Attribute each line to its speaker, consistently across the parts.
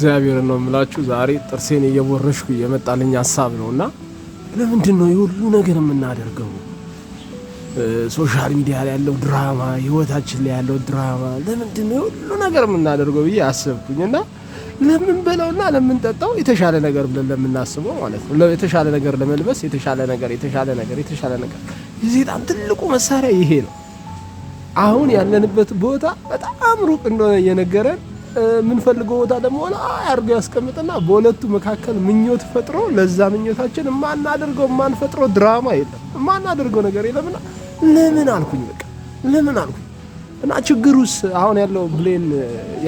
Speaker 1: እግዚአብሔር ነው የምላችሁ። ዛሬ ጥርሴን እየቦረሽኩ የመጣልኝ ሀሳብ ነው እና ለምንድን ነው የሁሉ ነገር የምናደርገው? ሶሻል ሚዲያ ላይ ያለው ድራማ፣ ህይወታችን ላይ ያለው ድራማ ለምንድን ነው የሁሉ ነገር የምናደርገው ብዬ አሰብኩኝ እና ለምን ለምንጠጣው የተሻለ ነገር ብለን ለምናስበው ማለት ነው የተሻለ ነገር ለመልበስ የተሻለ ነገር የተሻለ ነገር የተሻለ ነገር የሴጣን ትልቁ መሳሪያ ይሄ ነው። አሁን ያለንበት ቦታ በጣም ሩቅ እንደሆነ እየነገረን የምንፈልገው ቦታ ደግሞ ሆነ አያርገው ያስቀምጥና በሁለቱ መካከል ምኞት ፈጥሮ ለዛ ምኞታችን የማናደርገው የማንፈጥሮ ድራማ የለም፣ የማናደርገው ነገር የለምና ለምን አልኩኝ በቃ ለምን አልኩኝ። እና ችግሩስ አሁን ያለው ብሌን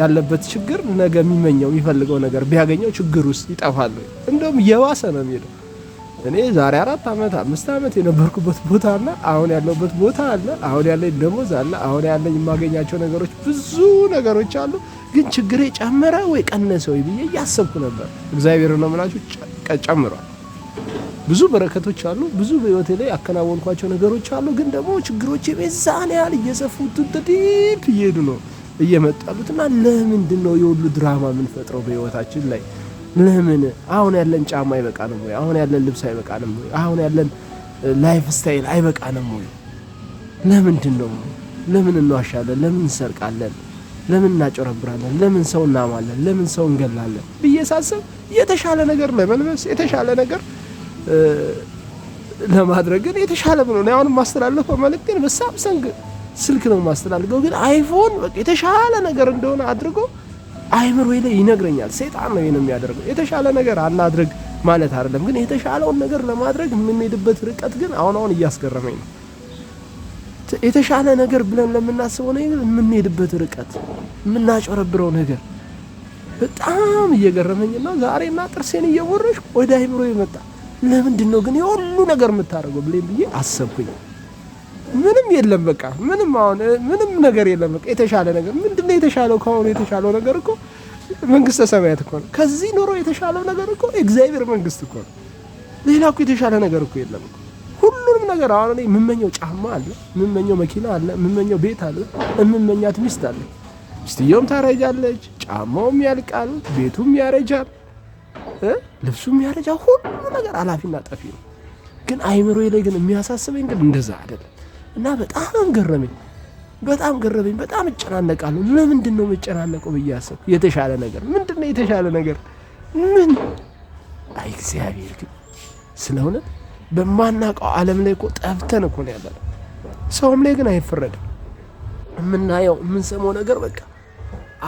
Speaker 1: ያለበት ችግር ነገ የሚመኘው የሚፈልገው ነገር ቢያገኘው ችግሩስ ይጠፋል። እንደውም የባሰ ነው የሚሄደው። እኔ ዛሬ አራት ዓመት አምስት ዓመት የነበርኩበት ቦታ አለ፣ አሁን ያለሁበት ቦታ አለ፣ አሁን ያለኝ ደሞዝ አለ፣ አሁን ያለኝ የማገኛቸው ነገሮች ብዙ ነገሮች አሉ። ግን ችግሬ ጨመረ ወይ ቀነሰ ወይ ብዬ እያሰብኩ ነበር። እግዚአብሔር ነው የምላችሁ ጨምሯል። ብዙ በረከቶች አሉ። ብዙ በህይወቴ ላይ ያከናወንኳቸው ነገሮች አሉ። ግን ደግሞ ችግሮች የዛን ያህል እየሰፉ ትንጥዲት እየሄዱ ነው እየመጡ ያሉት እና ለምንድን ነው የሁሉ ድራማ የምንፈጥረው በህይወታችን ላይ? ለምን አሁን ያለን ጫማ አይበቃንም ወይ? አሁን ያለን ልብስ አይበቃንም ወይ? አሁን ያለን ላይፍ ስታይል አይበቃንም ወይ? ለምንድን ነው? ለምን እንዋሻለን? ለምን እንሰርቃለን? ለምን እናጮረብራለን? ለምን ሰው እናማለን? ለምን ሰው እንገላለን ብዬ ሳስብ የተሻለ ነገር ለመልበስ የተሻለ ነገር ለማድረግ ግን የተሻለ ብሎ ነው አሁን የማስተላለፈው መልእክት። ግን በሳምሰንግ ስልክ ነው የማስተላልፈው፣ ግን አይፎን የተሻለ ነገር እንደሆነ አድርጎ አይምሮ ላይ ይነግረኛል። ሰይጣን ነው ይሄን የሚያደርገው። የተሻለ ነገር አናድርግ ማለት አይደለም፣ ግን የተሻለውን ነገር ለማድረግ የምንሄድበት ርቀት ግን አሁን አሁን እያስገረመኝ ነው። የተሻለ ነገር ብለን ለምናስበው ነገር የምንሄድበት ርቀት፣ የምናጨረብረው ነገር በጣም እየገረመኝና ዛሬና ጥርሴን እየቦረሽ ወደ አይምሮ ይመጣ። ለምንድን ነው ግን የሁሉ ነገር የምታደርገው ብለን ብዬ አሰብኩኝ። ምንም የለም። በቃ ምንም አሁን ምንም ነገር የለም። በቃ የተሻለ ነገር ምንድነው? የተሻለው ከአሁኑ የተሻለው ነገር እኮ መንግስተ ሰማያት እኮ ነው። ከዚህ ኑሮ የተሻለው ነገር እኮ እግዚአብሔር መንግስት እኮ ነው። ሌላ እኮ የተሻለ ነገር እኮ የለም ሁሉንም ነገር አሁን እኔ የምመኘው ጫማ አለ፣ የምመኘው መኪና አለ፣ የምመኘው ቤት አለ፣ የምመኛት ሚስት አለ። ሚስትየውም ታረጃለች፣ ጫማውም ያልቃል፣ ቤቱም ያረጃል፣ ልብሱም ያረጃል። ሁሉ ነገር አላፊና ጠፊ ነው። ግን አይምሮ ላይ ግን የሚያሳስበኝ ግን እንደዛ አይደለም። እና በጣም ገረመኝ በጣም ገረመኝ። በጣም እጨናነቃለሁ። ለምንድን ነው የምጨናነቀው ብዬ አሰብኩ። የተሻለ ነገር ምንድን ነው የተሻለ ነገር ምን? አይ እግዚአብሔር ግን ስለ እውነት በማናውቀው ዓለም ላይ እኮ ጠፍተን እኮ ነው ያለነው። ሰውም ላይ ግን አይፈረድም። የምናየው የምንሰማው ነገር በቃ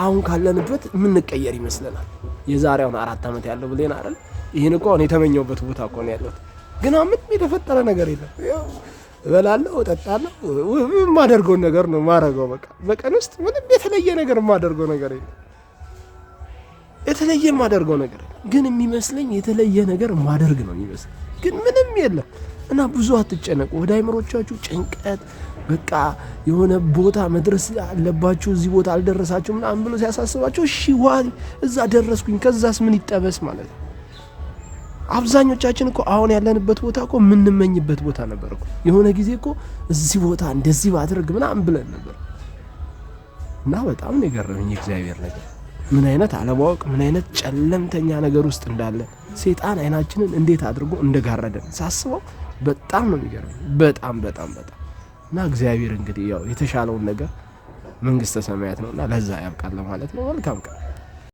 Speaker 1: አሁን ካለንበት የምንቀየር ይመስለናል። የዛሬውን አራት ዓመት ያለው ብሌን አይደል? ይህን እኮ አሁን የተመኘውበት ቦታ እኮ ነው ያለሁት፣ ግን ምንም የተፈጠረ ነገር የለም። እበላለሁ፣ እጠጣለሁ። የማደርገውን ነገር ነው ማረገው። በቃ በቀን ውስጥ ምንም የተለየ ነገር የማደርገው ነገር የለም። የተለየ የማደርገው ነገር ግን የሚመስለኝ የተለየ ነገር ማደርግ ነው የሚመስለኝ፣ ግን ምንም የለም። እና ብዙ አትጨነቁ። ወደ አይምሮቻችሁ ጭንቀት በቃ የሆነ ቦታ መድረስ አለባችሁ እዚህ ቦታ አልደረሳችሁ ምናምን ብሎ ሲያሳስባቸው እሺ ዋ እዛ ደረስኩኝ ከዛስ ምን ይጠበስ ማለት ነው አብዛኞቻችን እኮ አሁን ያለንበት ቦታ እኮ የምንመኝበት ቦታ ነበር እኮ። የሆነ ጊዜ እኮ እዚህ ቦታ እንደዚህ ባድርግ ምናምን ብለን ነበር። እና በጣም ነው የገረመኝ እግዚአብሔር ነገር፣ ምን አይነት አለማወቅ፣ ምን አይነት ጨለምተኛ ነገር ውስጥ እንዳለ ሴጣን አይናችንን እንዴት አድርጎ እንደጋረደን ሳስበው በጣም ነው የሚገርመኝ። በጣም በጣም በጣም እና እግዚአብሔር እንግዲህ ያው የተሻለውን ነገር መንግስተ ሰማያት ነውና ለዛ ያብቃል ማለት ነው። መልካም ቀን